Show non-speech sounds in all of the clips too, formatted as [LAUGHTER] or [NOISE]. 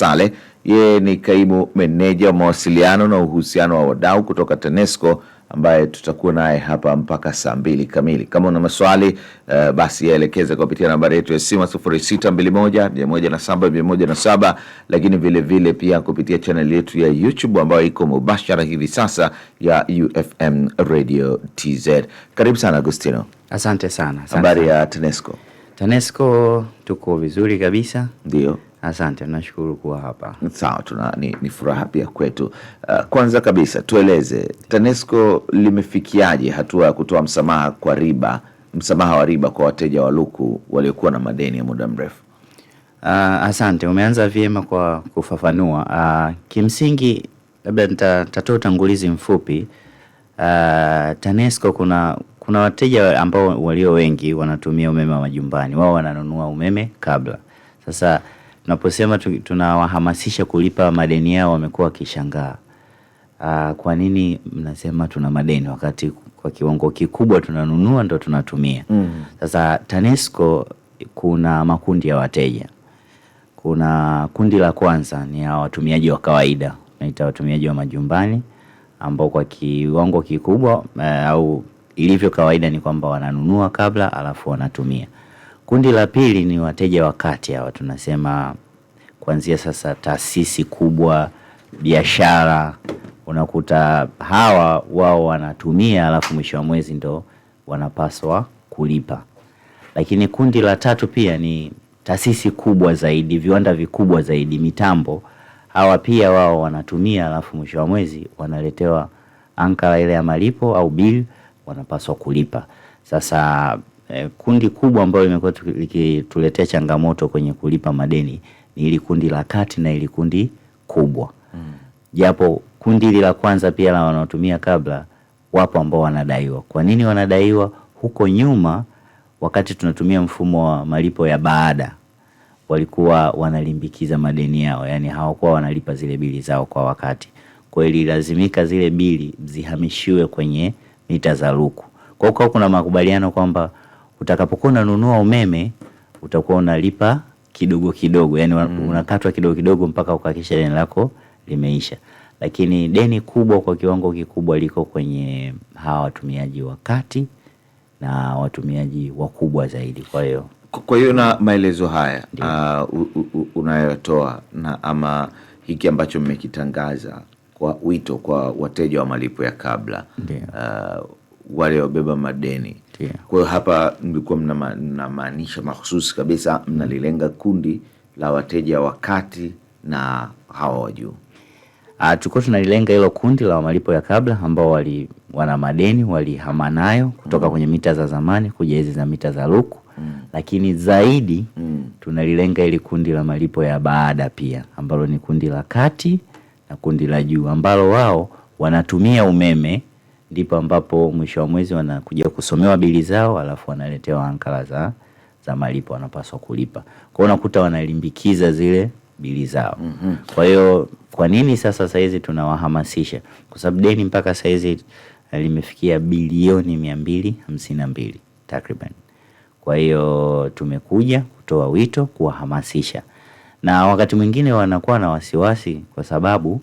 sale yeye ni kaimu meneja wa mawasiliano na uhusiano wa wadau kutoka TANESCO ambaye tutakuwa naye hapa mpaka saa mbili kamili. Kama una maswali uh, basi yaelekeze kupitia nambari yetu ya simu sufuri sita mbili moja mia moja na saba mia moja na saba lakini vilevile vile pia kupitia chaneli yetu ya YouTube ambayo iko mubashara hivi sasa ya UFM Radio TZ. Karibu sana Agustino. Asante sana. Habari ya TANESCO? TANESCO tuko vizuri kabisa, ndio Asante, nashukuru kuwa hapa. Sawa, tuna ni, ni furaha pia kwetu. Uh, kwanza kabisa tueleze TANESCO limefikiaje hatua ya kutoa msamaha kwa riba, msamaha wa riba kwa wateja wa luku waliokuwa na madeni ya muda mrefu? Uh, asante, umeanza vyema kwa kufafanua. Uh, kimsingi labda nitatoa utangulizi mfupi. Uh, TANESCO kuna kuna wateja ambao walio wengi wanatumia umeme wa majumbani, wao wananunua umeme kabla sasa tunaposema tunawahamasisha kulipa madeni yao wamekuwa wakishangaa, uh, kwa nini mnasema tuna madeni wakati kwa kiwango kikubwa tunanunua ndo tunatumia. mm. Sasa TANESCO kuna makundi ya wateja. Kuna kundi la kwanza ni ya watumiaji wa kawaida, naita watumiaji wa majumbani ambao kwa kiwango kikubwa eh, au ilivyo kawaida ni kwamba wananunua kabla alafu wanatumia. Kundi la pili ni wateja wa kati, hawa tunasema kuanzia sasa taasisi kubwa, biashara, unakuta hawa wao wanatumia, alafu mwisho wa mwezi ndo wanapaswa kulipa. Lakini kundi la tatu pia ni taasisi kubwa zaidi, viwanda vikubwa zaidi, mitambo. Hawa pia wao wanatumia, alafu mwisho wa mwezi wanaletewa ankara ile ya malipo au bill, wanapaswa kulipa. Sasa eh, kundi kubwa ambalo limekuwa likituletea changamoto kwenye kulipa madeni ni ili kundi la kati na ili kundi kubwa mm. Japo kundi hili la kwanza pia la wanaotumia kabla wapo ambao wanadaiwa. Kwa nini wanadaiwa? Huko nyuma wakati tunatumia mfumo wa malipo ya baada walikuwa wanalimbikiza madeni yao, yani hawakuwa wanalipa zile bili zao kwa wakati. Kwa hiyo ililazimika zile bili zihamishiwe kwenye mita za luku. Kwa hiyo kuna makubaliano kwamba utakapokuwa unanunua umeme utakuwa unalipa kidogo kidogo, yani mm. unakatwa kidogo kidogo mpaka ukahakisha deni lako limeisha. Lakini deni kubwa kwa kiwango kikubwa liko kwenye hawa watumiaji wa kati na watumiaji wakubwa zaidi. Kwa hiyo kwa hiyo na mm. maelezo haya uh, unayotoa na ama hiki ambacho mmekitangaza kwa wito kwa wateja wa malipo ya kabla uh, wale wabeba madeni Okay. Kwa hiyo hapa mlikuwa mnamaanisha mahususi kabisa mnalilenga kundi la wateja wa kati na hawa wa juu. Ah, tulikuwa tunalilenga hilo kundi la malipo ya kabla ambao wali wana madeni walihama nayo kutoka mm. kwenye mita za zamani kuja hizi za mita za luku mm. lakini zaidi mm. tunalilenga ili kundi la malipo ya baada pia ambalo ni kundi la kati na kundi la juu ambalo wao wanatumia umeme ndipo ambapo mwisho wa mwezi wanakuja kusomewa bili zao, alafu wanaletewa ankara za, za malipo wanapaswa kulipa. Kwa unakuta wanalimbikiza zile bili zao mm -hmm. Kwa hiyo kwa nini sasa saizi tunawahamasisha? Kwa sababu deni mpaka saizi eh, limefikia bilioni mia mbili hamsini na mbili takriban. Kwa hiyo tumekuja kutoa wito kuwahamasisha, na wakati mwingine wanakuwa na wasiwasi kwa sababu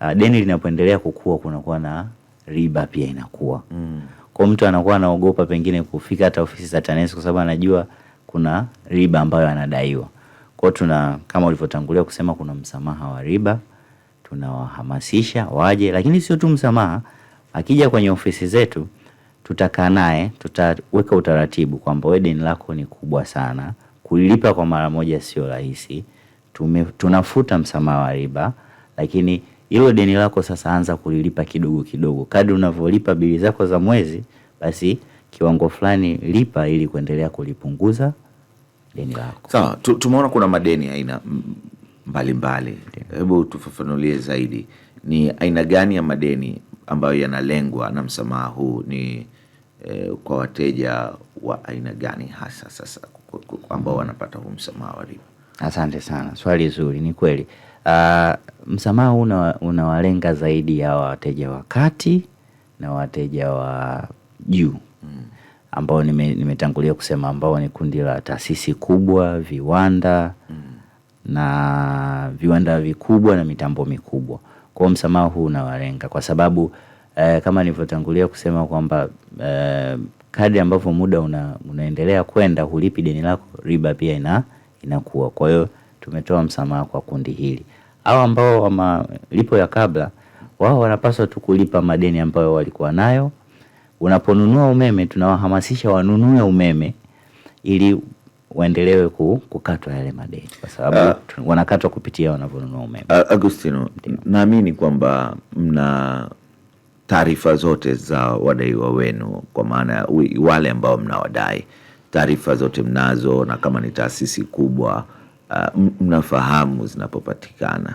uh, deni linapoendelea kukua kunakuwa na riba pia inakuwa mm. Kwa mtu anakuwa anaogopa pengine kufika hata ofisi za TANESCO kwa sababu anajua kuna riba ambayo anadaiwa. Kwa tuna kama ulivyotangulia kusema kuna msamaha wa riba, tunawahamasisha waje, lakini sio tu msamaha. Akija kwenye ofisi zetu tutakaa naye, tutaweka utaratibu kwamba wewe deni lako ni kubwa sana, kulipa kwa mara moja sio rahisi. Tunafuta msamaha wa riba, lakini hilo deni lako sasa anza kulilipa kidogo kidogo, kadri unavyolipa bili zako za mwezi, basi kiwango fulani lipa ili kuendelea kulipunguza deni lako. Sawa, tumeona kuna madeni aina mbalimbali, hebu tufafanulie zaidi, ni aina gani ya madeni ambayo yanalengwa na msamaha huu? Ni eh, kwa wateja wa aina gani hasa sasa ambao wanapata huu msamaha wa riba? Asante sana, swali zuri. Ni kweli Uh, msamaha unawalenga una zaidi ya wateja wa kati na wateja wa juu mm. ambao nimetangulia nime kusema ambao ni kundi la taasisi kubwa, viwanda mm. na viwanda vikubwa na mitambo mikubwa. Kwa hiyo msamaha huu unawalenga kwa sababu eh, kama nilivyotangulia kusema kwamba eh, kadri ambavyo muda una, unaendelea kwenda hulipi deni lako, riba pia ina inakuwa. Kwa hiyo tumetoa msamaha kwa kundi hili au ambao wa malipo ya kabla, wao wanapaswa tu kulipa madeni ambayo walikuwa nayo. Unaponunua umeme, tunawahamasisha wanunue umeme ili waendelewe kukatwa yale madeni kwa sababu uh, wanakatwa kupitia wanavyonunua umeme. Uh, Agustino, naamini kwamba mna taarifa zote za wadaiwa wenu, kwa maana wale ambao mnawadai, taarifa zote mnazo, na kama ni taasisi kubwa uh, mnafahamu zinapopatikana.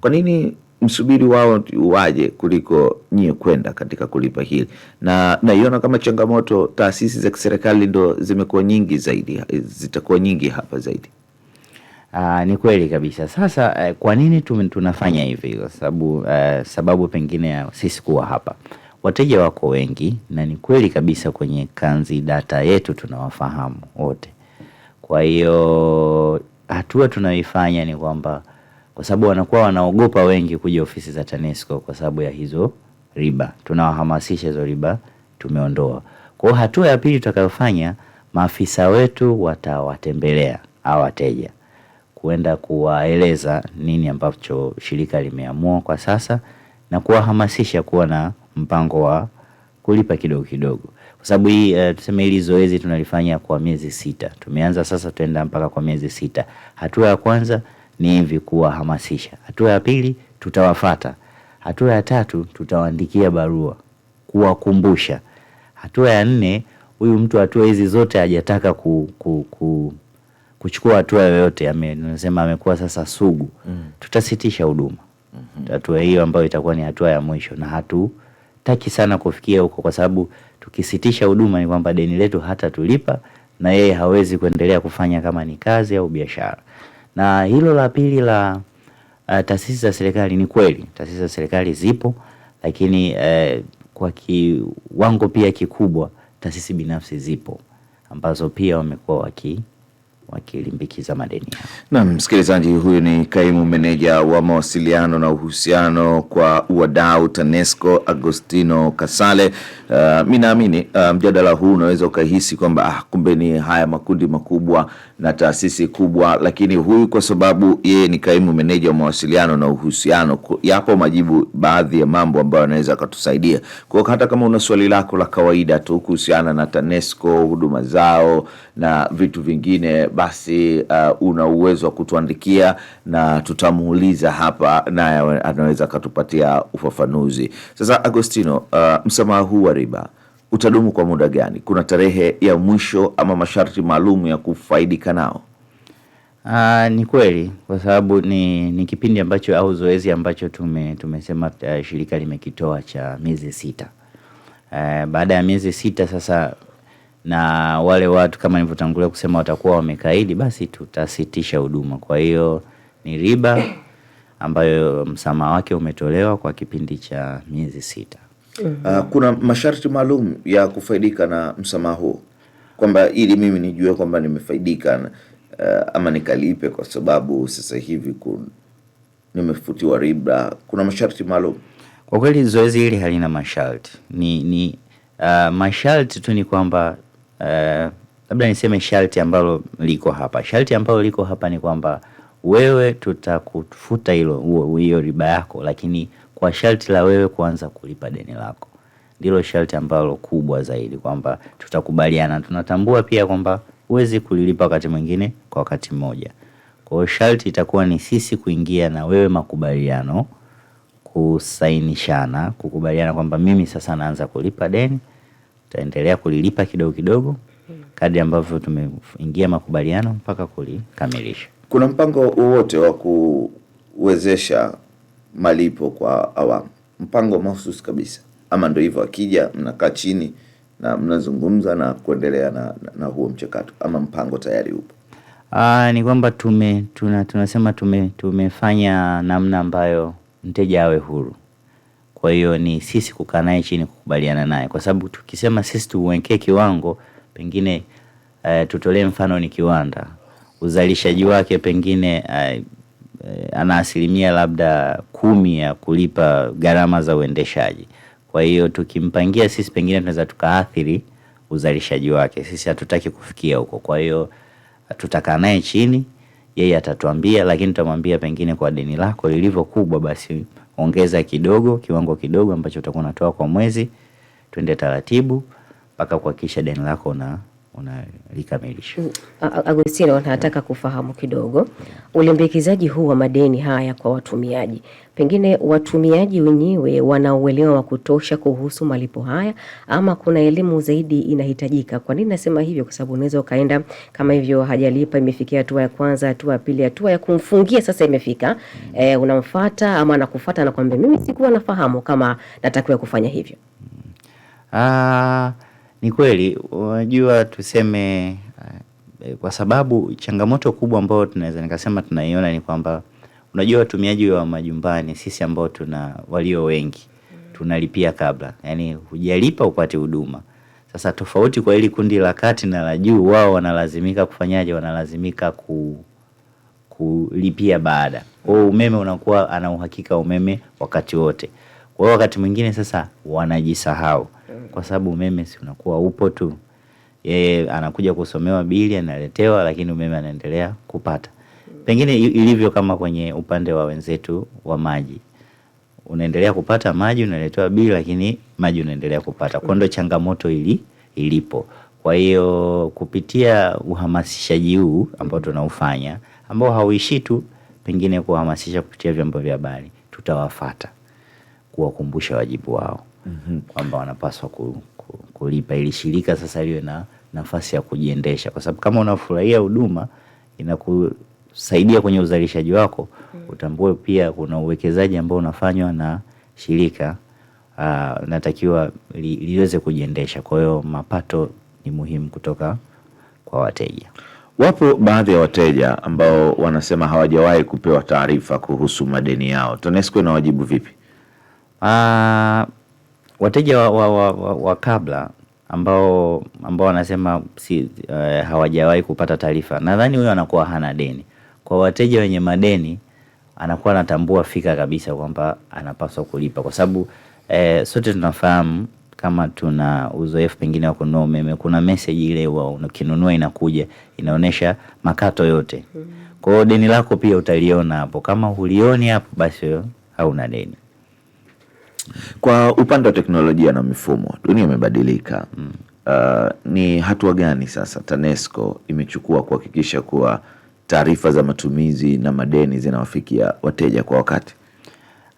Kwa nini msubiri wao waje kuliko nyie kwenda katika kulipa hili? Na naiona kama changamoto, taasisi za kiserikali ndo zimekuwa nyingi zaidi, zitakuwa nyingi hapa zaidi. Uh, ni kweli kabisa. Sasa uh, kwa nini tunafanya hivi? Kwa sababu uh, sababu pengine ya sisi kuwa hapa, wateja wako wengi, na ni kweli kabisa kwenye kanzi data yetu tunawafahamu wote. Kwa hiyo hatua tunayoifanya ni kwamba kwa sababu wanakuwa wanaogopa wengi kuja ofisi za TANESCO kwa sababu ya hizo riba, tunawahamasisha hizo riba tumeondoa. Kwa hiyo hatua ya pili tutakayofanya, maafisa wetu watawatembelea hawa wateja kuenda kuwaeleza nini ambacho shirika limeamua kwa sasa na kuwahamasisha kuwa na mpango wa kulipa kidogo kidogo kwa sababu hii uh, tuseme hili zoezi tunalifanya kwa miezi sita. Tumeanza sasa, tuenda mpaka kwa miezi sita. Hatua ya kwanza ni hivi, kuwahamasisha. Hatua ya pili tutawafata. Hatua ya tatu tutawaandikia barua kuwakumbusha. Hatua ya nne, huyu mtu hatua hizi zote hajataka ku, ku, ku, kuchukua hatua yoyote, nasema amekuwa sasa sugu mm. tutasitisha huduma mm -hmm. Hatua hiyo ambayo itakuwa ni hatua ya mwisho na hatu hatutaki sana kufikia huko, kwa sababu tukisitisha huduma ni kwamba deni letu hata tulipa na yeye hawezi kuendelea kufanya kama ni kazi au biashara. Na hilo la pili la uh, taasisi za serikali, ni kweli taasisi za serikali zipo, lakini uh, kwa kiwango pia kikubwa taasisi binafsi zipo ambazo pia wamekuwa waki wakilimbikiza madeni yao. msikilizaji, huyu ni kaimu meneja wa mawasiliano na uhusiano kwa uwadau TANESCO Agostino Kasale. Uh, mi naamini uh, mjadala huu unaweza ukahisi kwamba ah, kumbe ni haya makundi makubwa na taasisi kubwa, lakini huyu kwa sababu yeye ni kaimu meneja wa mawasiliano na uhusiano, yapo majibu baadhi ya mambo ambayo anaweza akatusaidia. Kwa hata kama una swali lako la kawaida tu kuhusiana na TANESCO, huduma zao na vitu vingine, basi uh, una uwezo wa kutuandikia na tutamuuliza hapa, naye anaweza akatupatia ufafanuzi. Sasa Agostino, uh, msamaha huu wa riba utadumu kwa muda gani? Kuna tarehe ya mwisho ama masharti maalum ya kufaidika nao? Aa, ah, ni kweli kwa sababu ni, ni kipindi ambacho au zoezi ambacho tume, tumesema uh, shirika limekitoa cha miezi sita. Uh, baada ya miezi sita sasa na wale watu kama nilivyotangulia kusema watakuwa wamekaidi, basi tutasitisha huduma. Kwa hiyo ni riba ambayo msamaha wake umetolewa kwa kipindi cha miezi sita mm -hmm. Kuna masharti maalum ya kufaidika na msamaha huo, kwamba ili mimi nijue kwamba nimefaidika ah, ama nikalipe, kwa sababu sasa hivi nimefutiwa riba, kuna masharti maalum? Kwa kweli zoezi hili halina masharti, ni, ni uh, masharti tu ni kwamba uh, labda niseme sharti ambalo liko hapa, sharti ambalo liko hapa ni kwamba wewe tutakufuta hilo hiyo riba yako, lakini kwa sharti la wewe kuanza kulipa deni lako. Ndilo sharti ambalo kubwa zaidi, kwamba tutakubaliana, tunatambua pia kwamba huwezi kulilipa wakati mwingine kwa wakati mmoja. Kwa hiyo sharti itakuwa ni sisi kuingia na wewe makubaliano, kusainishana, kukubaliana kwamba mimi sasa naanza kulipa deni, tutaendelea kulilipa kidogo kidogo kadri ambavyo tumeingia makubaliano mpaka kulikamilisha. Kuna mpango wowote wa kuwezesha malipo kwa awamu, mpango mahususi kabisa. Ama ndio hivyo, akija mnakaa chini na mnazungumza na kuendelea na, na, na huo mchakato ama mpango tayari upo. Aa, ah, ni kwamba tume tuna, tunasema tume, tumefanya namna ambayo mteja awe huru. Kwa hiyo ni sisi kukaa naye chini kukubaliana naye, kwa sababu tukisema sisi tuwekee kiwango pengine, uh, tutolee mfano ni kiwanda uzalishaji wake pengine uh, Eh, ana asilimia labda kumi ya kulipa gharama za uendeshaji. Kwa hiyo tukimpangia sisi, pengine tunaweza tukaathiri uzalishaji wake. Sisi hatutaki kufikia huko, kwa hiyo tutakaa naye chini, yeye atatuambia, lakini tutamwambia pengine, kwa deni lako lilivyo kubwa, basi ongeza kidogo, kiwango kidogo ambacho utakuwa unatoa kwa mwezi, twende taratibu mpaka kuhakikisha deni lako na unalikamilisha. Mm. Agostino, nataka kufahamu kidogo ulimbikizaji huu wa madeni haya kwa watumiaji, pengine watumiaji wenyewe wana uelewa wa kutosha kuhusu malipo haya ama kuna elimu zaidi inahitajika? Kwa nini nasema hivyo? Kwa sababu unaweza ukaenda kama hivyo, hajalipa, imefikia hatua ya kwanza, hatua ya pili, hatua ya kumfungia sasa imefika. mm. E, unamfuata ama anakufuata, anakuambia, mimi sikuwa nafahamu kama natakiwa kufanya hivyo. mm. ah. Ni kweli, unajua tuseme eh, kwa sababu changamoto kubwa ambayo tunaweza nikasema tunaiona ni kwamba unajua watumiaji wa majumbani sisi ambao tuna walio wengi tunalipia kabla, yani hujalipa upate huduma. Sasa tofauti kwa hili kundi la kati na la juu, wao wanalazimika kufanyaje? Wanalazimika ku kulipia baada. Kwa hiyo umeme unakuwa ana uhakika umeme wakati wote, kwa hiyo wakati mwingine sasa wanajisahau kwa sababu umeme si unakuwa upo tu, yeye anakuja kusomewa bili analetewa, lakini umeme anaendelea kupata. Pengine ilivyo kama kwenye upande wa wenzetu wa maji, unaendelea kupata maji, unaletewa bili, lakini maji unaendelea kupata. Kwa ndo changamoto ili ilipo. Kwa hiyo kupitia uhamasishaji huu ambao tunaufanya ambao hauishi tu pengine kuhamasisha kupitia vyombo vya habari, tutawafata kuwakumbusha wajibu wao mm -hmm. kwamba wanapaswa ku, ku, kulipa ili shirika sasa liwe na nafasi ya kujiendesha, kwa sababu kama unafurahia huduma inakusaidia kwenye uzalishaji wako mm -hmm. utambue pia kuna uwekezaji ambao unafanywa na shirika uh, ah, natakiwa li, liweze kujiendesha. Kwa hiyo mapato ni muhimu kutoka kwa wateja. Wapo baadhi ya wateja ambao wanasema hawajawahi kupewa taarifa kuhusu madeni yao. TANESCO inawajibu vipi? Uh, wateja wa, wa, wa, wa, wa kabla ambao ambao wanasema si, uh, hawajawahi kupata taarifa, nadhani huyo anakuwa hana deni. Kwa wateja wenye madeni anakuwa anatambua fika kabisa kwamba anapaswa kulipa, kwa sababu eh, sote tunafahamu kama tuna uzoefu pengine wa kununua umeme, kuna meseji ile wa ukinunua inakuja inaonyesha makato yote. Mm. Kwa hiyo deni lako pia utaliona hapo, kama hulioni hapo basi hauna deni. Kwa upande wa teknolojia na mifumo, dunia imebadilika. Mm. Uh, ni hatua gani sasa TANESCO imechukua kuhakikisha kuwa taarifa za matumizi na madeni zinawafikia wateja kwa wakati?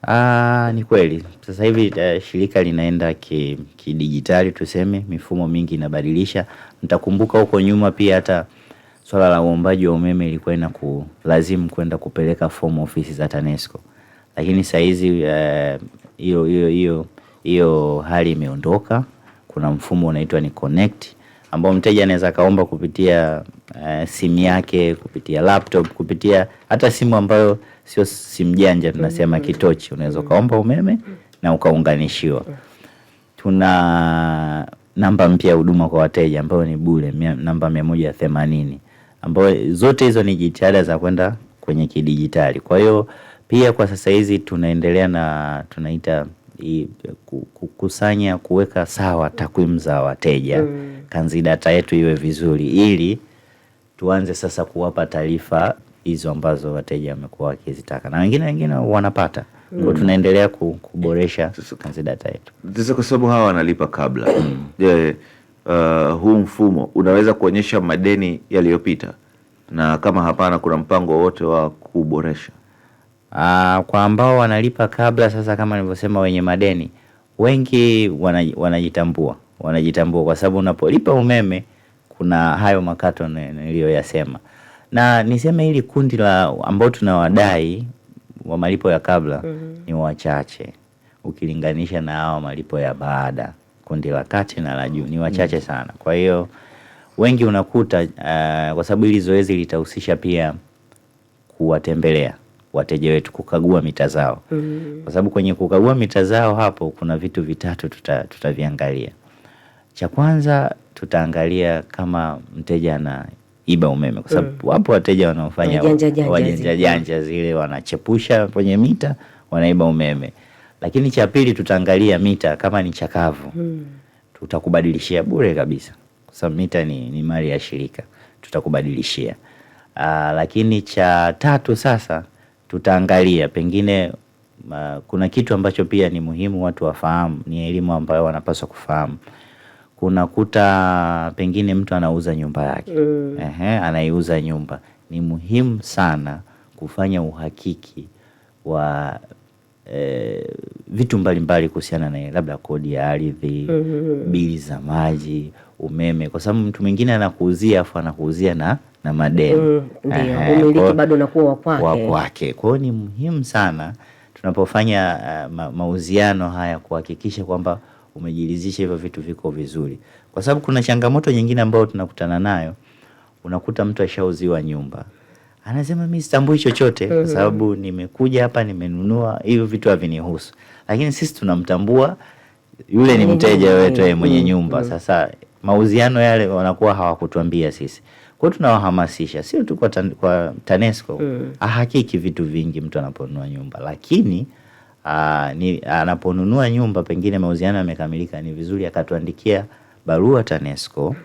Aa, ah, ni kweli sasa hivi uh, shirika linaenda kidijitali ki tuseme, mifumo mingi inabadilisha. Mtakumbuka huko nyuma pia hata swala la uombaji wa umeme ilikuwa ina kulazimu kwenda kupeleka fomu ofisi za TANESCO, lakini sahizi uh, eh, hiyo hiyo hiyo hiyo hali imeondoka. Kuna mfumo unaitwa ni connect ambao mteja anaweza kaomba kupitia uh, simu yake, kupitia laptop, kupitia hata simu ambayo sio simu janja, tunasema mm-hmm. kitochi. Unaweza mm-hmm. ukaomba umeme na ukaunganishiwa. Tuna namba mpya ya huduma kwa wateja ambayo ni bure, namba mia moja themanini ambayo zote hizo ni jitihada za kwenda kwenye kidijitali, kwa hiyo pia kwa sasa hizi tunaendelea na tunaita kukusanya kuweka sawa takwimu za wateja mm. kanzi data yetu iwe vizuri, ili tuanze sasa kuwapa taarifa hizo ambazo wateja wamekuwa wakizitaka na wengine wengine wanapata mm. kwa tunaendelea kuboresha kanzi data yetu sasa, kwa sababu hawa wanalipa kabla [CLEARS THROAT] Je, uh, huu mfumo unaweza kuonyesha madeni yaliyopita, na kama hapana, kuna mpango wote wa kuboresha Ah, kwa ambao wanalipa kabla, sasa kama nilivyosema, wenye madeni wengi wanajitambua, wanajitambua kwa sababu unapolipa umeme kuna hayo makato niliyoyasema, na niseme hili kundi la ambao tunawadai wa malipo ya kabla mm -hmm. ni wachache ukilinganisha na hao malipo ya baada, kundi la kati na la juu ni wachache mm -hmm. sana. Kwa hiyo wengi unakuta uh, kwa sababu hili zoezi litahusisha pia kuwatembelea wateja wetu kukagua mita zao mm. Kwa sababu kwenye kukagua mita zao hapo kuna vitu vitatu tutaviangalia. Tuta cha kwanza tutaangalia kama mteja iba umeme, kwa sababu mm. wapo wateja wanaofanya wajanja janja zile, wanachepusha kwenye mita, wanaiba umeme. Lakini cha pili tutaangalia mita kama ni chakavu mm. tutakubadilishia bure kabisa, kwa sababu mita ni, ni mali ya shirika, tutakubadilishia. Aa, ah, lakini cha tatu sasa tutaangalia pengine ma, kuna kitu ambacho pia ni muhimu watu wafahamu, ni elimu ambayo wanapaswa kufahamu. kuta pengine mtu anauza nyumba yake mm. Ehe, anaiuza nyumba, ni muhimu sana kufanya uhakiki wa e, vitu mbalimbali kuhusiana na labda kodi ya ardhi mm -hmm. bili za maji, umeme, kwa sababu mtu mwingine anakuuzia afu anakuuzia na na madem mm, bado unakuwa wa kwake wa kwake. Kwa hiyo ni muhimu sana tunapofanya uh, ma mauziano haya kuhakikisha kwamba umejiridhisha hivyo vitu viko vizuri, kwa sababu kuna changamoto nyingine ambayo tunakutana nayo. Unakuta mtu ashauziwa nyumba anasema mi sitambui chochote kwa mm-hmm. sababu nimekuja hapa nimenunua, hivyo vitu havinihusu. Lakini sisi tunamtambua yule ni mteja wetu mwenye mm-hmm. nyumba. Mm-hmm. Sasa mauziano yale wanakuwa hawakutuambia sisi. Kwa tunawahamasisha sio tu kwa, tan, kwa TANESCO mm. ahakiki vitu vingi mtu anaponunua nyumba, lakini aa, ah, ni, anaponunua nyumba pengine mauziano yamekamilika, ni vizuri akatuandikia barua TANESCO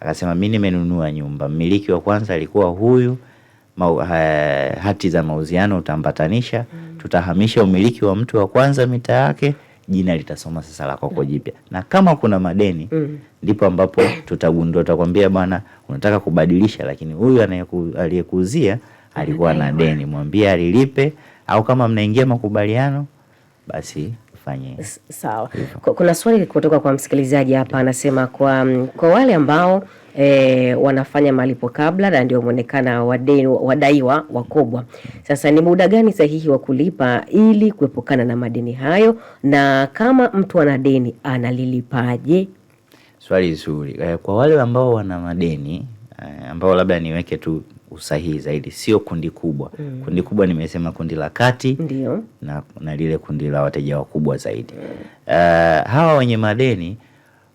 akasema mimi nimenunua nyumba, mmiliki wa kwanza alikuwa huyu ha, eh, hati za mauziano utaambatanisha, mm. tutahamisha umiliki wa mtu wa kwanza mita yake jina litasoma sasa la kwako mm. jipya, na kama kuna madeni mm. ndipo mm. ambapo [COUGHS] tutagundua, tutakwambia bwana, unataka kubadilisha, lakini huyu aliyekuuzia alikuwa na deni, mwambie alilipe, au kama mnaingia makubaliano basi fanye sawa. Kuna swali kutoka kwa msikilizaji hapa, anasema kwa, kwa wale ambao e, wanafanya malipo kabla na ndio wameonekana wadaiwa wakubwa. Sasa ni muda gani sahihi wa kulipa ili kuepukana na madeni hayo, na kama mtu ana deni analilipaje? Swali zuri. Eh, kwa wale ambao wana madeni eh, ambao labda niweke tu usahihi zaidi, sio kundi kubwa mm. Kundi kubwa nimesema kundi la kati na, na lile kundi la wateja wakubwa zaidi mm. Uh, hawa wenye madeni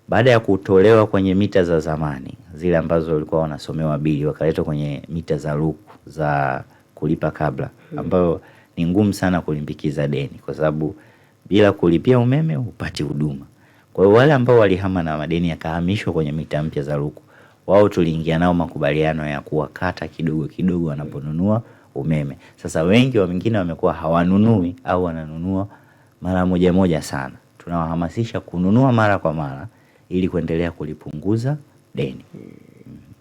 baada ya kutolewa kwenye mita za zamani zile ambazo walikuwa wanasomewa bili wakaletwa kwenye mita za luku za kulipa kabla, hmm. ambayo ni ngumu sana kulimbikiza deni, kwa sababu bila kulipia umeme upati huduma. Kwa hiyo wale ambao walihama na madeni yakahamishwa kwenye mita mpya za luku, wao tuliingia nao makubaliano ya kuwakata kidogo kidogo wanaponunua umeme. Sasa wengi wa wengine wamekuwa hawanunui au wananunua mara moja moja sana, tunawahamasisha kununua mara kwa mara ili kuendelea kulipunguza deni.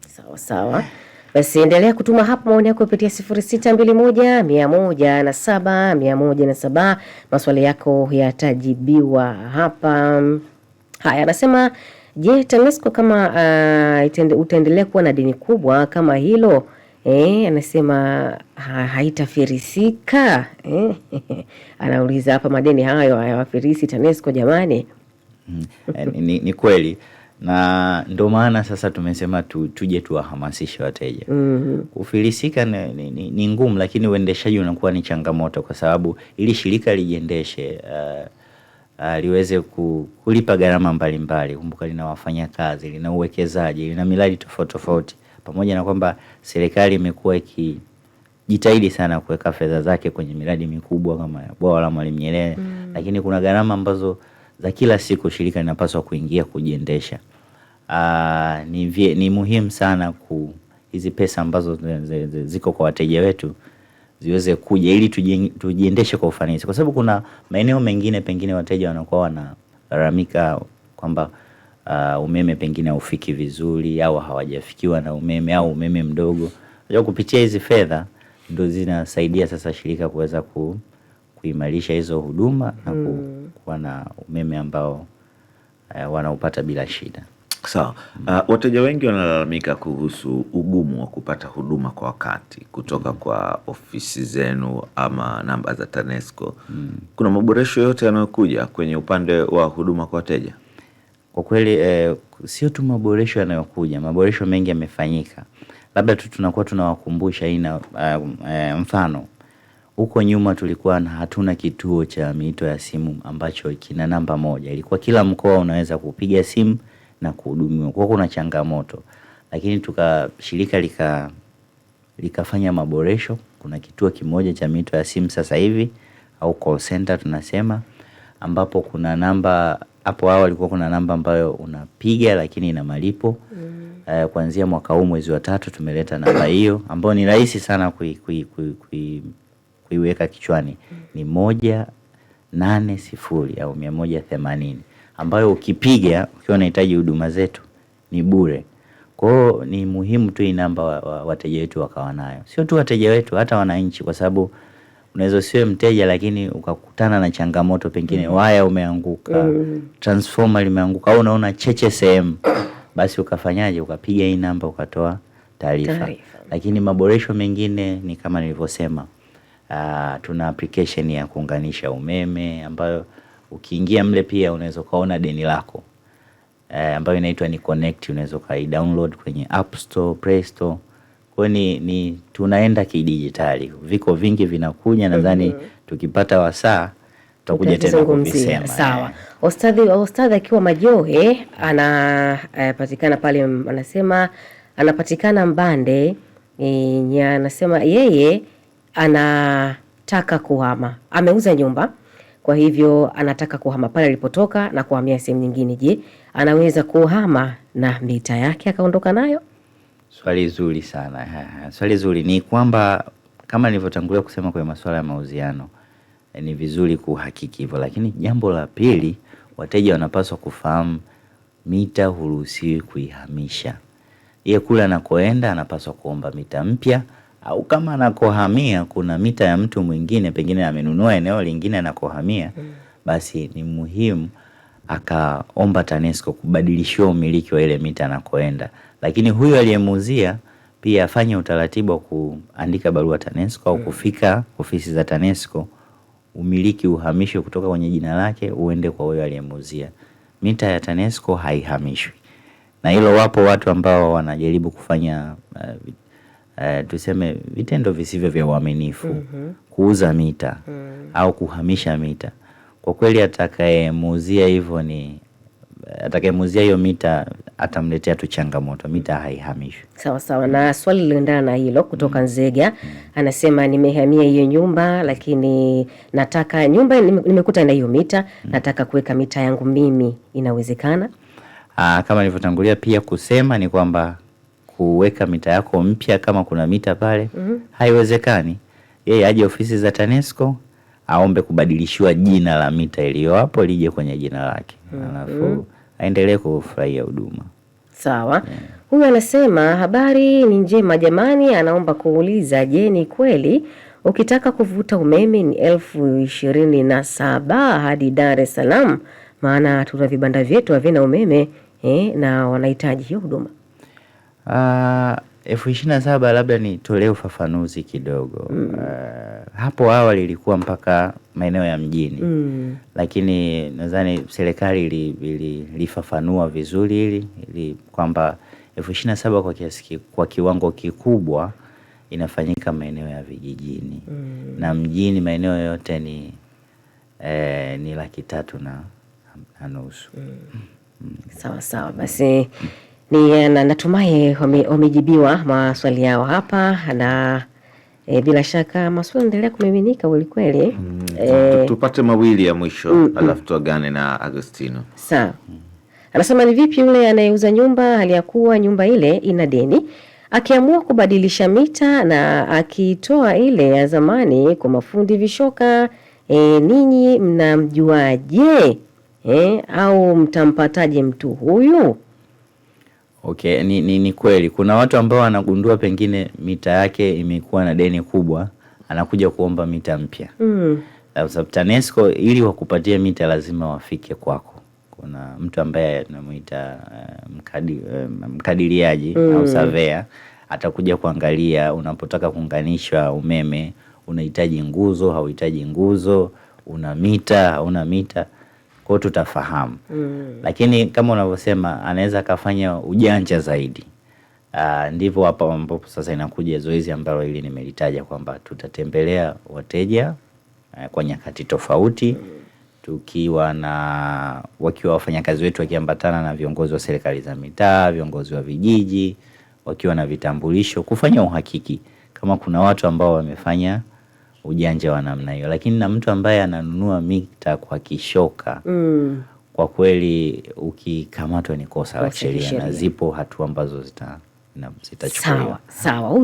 Sawa sawa. Basi endelea kutuma hapo maoni yako kupitia sifuri sita mbili moja mia moja na saba mia moja na saba. Maswali yako yatajibiwa hapa. Haya, anasema je, TANESCO kama uh, itende, utaendelea kuwa na deni kubwa kama hilo eh? Anasema ha, haitafirisika eh? [LAUGHS] Anauliza hapa madeni hayo hayawafirisi TANESCO jamani. Mm, eh, ni, ni, ni kweli na ndo maana sasa tumesema tu, tuje tuwahamasishe wateja mm -hmm. Kufilisika ni, ni, ni ngumu, lakini uendeshaji unakuwa ni changamoto, kwa sababu ili shirika lijiendeshe uh, Uh, liweze kulipa gharama mbalimbali. Kumbuka lina wafanyakazi, lina uwekezaji, lina miradi tofauti tofauti, pamoja na kwamba serikali imekuwa ikijitahidi sana kuweka fedha zake kwenye miradi mikubwa kama bwawa la Mwalimu Nyerere mm. Lakini kuna gharama ambazo za kila siku shirika linapaswa kuingia kujiendesha. Ah, ni, ni muhimu sana ku hizi pesa ambazo ziko kwa wateja wetu ziweze kuja ili tujiendeshe kwa ufanisi, kwa sababu kuna maeneo mengine pengine wateja wanakuwa wanalalamika kwamba uh, umeme pengine haufiki vizuri au hawajafikiwa na umeme au umeme mdogo. Kupitia hizi fedha ndo zinasaidia sasa shirika kuweza ku kuimarisha hizo huduma na hmm. kuwa na umeme ambao uh, wanaupata bila shida. Sawa. Uh, wateja wengi wanalalamika kuhusu ugumu wa kupata huduma kwa wakati kutoka mm. kwa ofisi zenu ama namba za TANESCO mm. kuna maboresho yote yanayokuja kwenye upande wa huduma kwa wateja? Kwa kweli eh, sio tu maboresho yanayokuja, maboresho mengi yamefanyika, labda tu tunakuwa tunawakumbusha ina uh, ah, uh, eh, mfano huko nyuma tulikuwa na hatuna kituo cha miito ya simu ambacho kina namba moja. Ilikuwa kila mkoa unaweza kupiga simu na kuhudumiwa, kwa kuna changamoto, lakini tuka shirika lika likafanya maboresho. Kuna kituo kimoja cha miito ya simu sasa hivi au call center tunasema, ambapo kuna namba. Hapo awali kulikuwa kuna namba ambayo unapiga lakini ina malipo mm. Uh, kuanzia mwaka huu mwezi wa tatu tumeleta namba hiyo ambayo ni rahisi sana kui, kui, kui, kui kuiweka kichwani ni moja nane sifuri au mia moja themanini ambayo ukipiga ukiwa unahitaji huduma zetu ni bure. kwao ni muhimu tu hii namba wateja wetu wakawa nayo, sio tu wateja wetu, hata wananchi, kwa sababu unaweza usiwe mteja lakini ukakutana na changamoto, pengine mm-hmm. waya umeanguka, mm-hmm. transformer limeanguka, au unaona cheche sehemu, basi ukafanyaje? Ukapiga hii namba ukatoa taarifa. Lakini maboresho mengine ni kama nilivyosema Uh, tuna application ya kuunganisha umeme ambayo ukiingia mle pia unaweza ukaona deni lako uh, ambayo inaitwa ni Connect, unaweza download kwenye App Store, Play Store. Kwa ni, ni tunaenda kidijitali, viko vingi vinakuja. Nadhani mm-hmm. tukipata wasaa tutakuja tena kuvisema. Sawa, eh. ustadhi ustadhi akiwa Majohe anapatikana eh, pale anasema anapatikana Mbande eh, anasema yeye anataka kuhama, ameuza nyumba, kwa hivyo anataka kuhama pale alipotoka na kuhamia sehemu nyingine. Je, anaweza kuhama na mita yake akaondoka nayo? Swali zuri sana. Swali zuri ni kwamba kama nilivyotangulia kusema kwenye masuala ya mauziano eh, ni vizuri kuhakiki hivyo, lakini jambo la pili, wateja wanapaswa kufahamu mita huruhusiwi kuihamisha. Yeye kule anakoenda anapaswa kuomba mita mpya au kama anakohamia kuna mita ya mtu mwingine, pengine amenunua eneo lingine anakohamia mm. Basi ni muhimu akaomba TANESCO kubadilishiwa umiliki wa ile mita anakoenda, lakini huyo aliyemuuzia pia afanye utaratibu wa kuandika barua TANESCO au mm. kufika ofisi za TANESCO, umiliki uhamishwe kutoka kwenye jina lake uende kwa huyo aliyemuuzia. Mita ya TANESCO haihamishwi, na hilo wapo watu ambao wanajaribu kufanya uh, eh, tuseme vitendo visivyo vya uaminifu mm -hmm. kuuza mita mm -hmm. au kuhamisha mita, kwa kweli atakayemuuzia hivyo ni atakayemuuzia hiyo mita atamletea tu changamoto, mita haihamishwi. Sawa sawa. Na swali lilendana na hilo kutoka mm. Nzega mm. anasema nimehamia hiyo nyumba, lakini nataka nyumba nimekuta na hiyo mita mm. nataka kuweka mita yangu mimi, inawezekana? Aa, ah, kama nilivyotangulia pia kusema ni kwamba kuweka mita yako mpya kama kuna mita pale mm -hmm. Haiwezekani. Yeye aje ofisi za TANESCO aombe kubadilishiwa jina la mita iliyo hapo lije kwenye jina lake mm -hmm. Alafu aendelee kufurahia huduma. Sawa. Yeah. Huyu anasema habari ni njema jamani, anaomba kuuliza, je, ni kweli ukitaka kuvuta umeme ni elfu ishirini na saba hadi Dar es Salaam? Maana tuna vibanda vyetu havina umeme eh, na wanahitaji hiyo huduma elfu uh, ishirini na saba labda nitolee ufafanuzi kidogo mm. Uh, hapo awali ilikuwa mpaka maeneo ya mjini mm. Lakini nadhani serikali ilifafanua ili, vizuri hili ili kwamba elfu ishirini na saba kwa kiasi kwa kiwango kikubwa inafanyika maeneo ya vijijini mm. Na mjini maeneo yote ni eh, ni laki tatu na nusu mm. mm. Sawa sawa basi mm ni na, natumai wamejibiwa maswali yao hapa na e, bila shaka maswali endelea kumiminika kwelikweli. mm, e, tupate mawili ya mwisho mm, mm, alafu tuagane na Agostino. Sawa. mm. Anasema ni vipi yule anayeuza nyumba hali ya kuwa nyumba ile ina deni akiamua kubadilisha mita na akitoa ile ya zamani kwa mafundi vishoka e, ninyi mnamjuaje e, au mtampataje mtu huyu? Okay, ni, ni, ni kweli kuna watu ambao wanagundua pengine mita yake imekuwa na deni kubwa, anakuja kuomba mita mpya mm. Sababu TANESCO ili wakupatie mita lazima wafike kwako. Kuna mtu ambaye anamuita uh, mkadi, uh, eh, mkadiriaji mm. au hmm. surveyor atakuja kuangalia unapotaka kuunganisha umeme, unahitaji nguzo, hauhitaji nguzo, una mita, hauna mita kwao tutafahamu mm. Lakini kama unavyosema anaweza akafanya ujanja zaidi. Uh, ndivyo hapa ambapo sasa inakuja zoezi ambalo hili nimelitaja kwamba tutatembelea wateja uh, kwa nyakati tofauti mm. tukiwa na wakiwa wafanyakazi wetu wakiambatana na viongozi wa serikali za mitaa, viongozi wa vijiji wakiwa na vitambulisho, kufanya uhakiki kama kuna watu ambao wamefanya ujanja wa namna hiyo, lakini na mtu ambaye ananunua mikta kwa kishoka mm. Kwa kweli ukikamatwa ni kosa la sheria na zipo hatua ambazo zitachukuliwa zita sawa, sawa.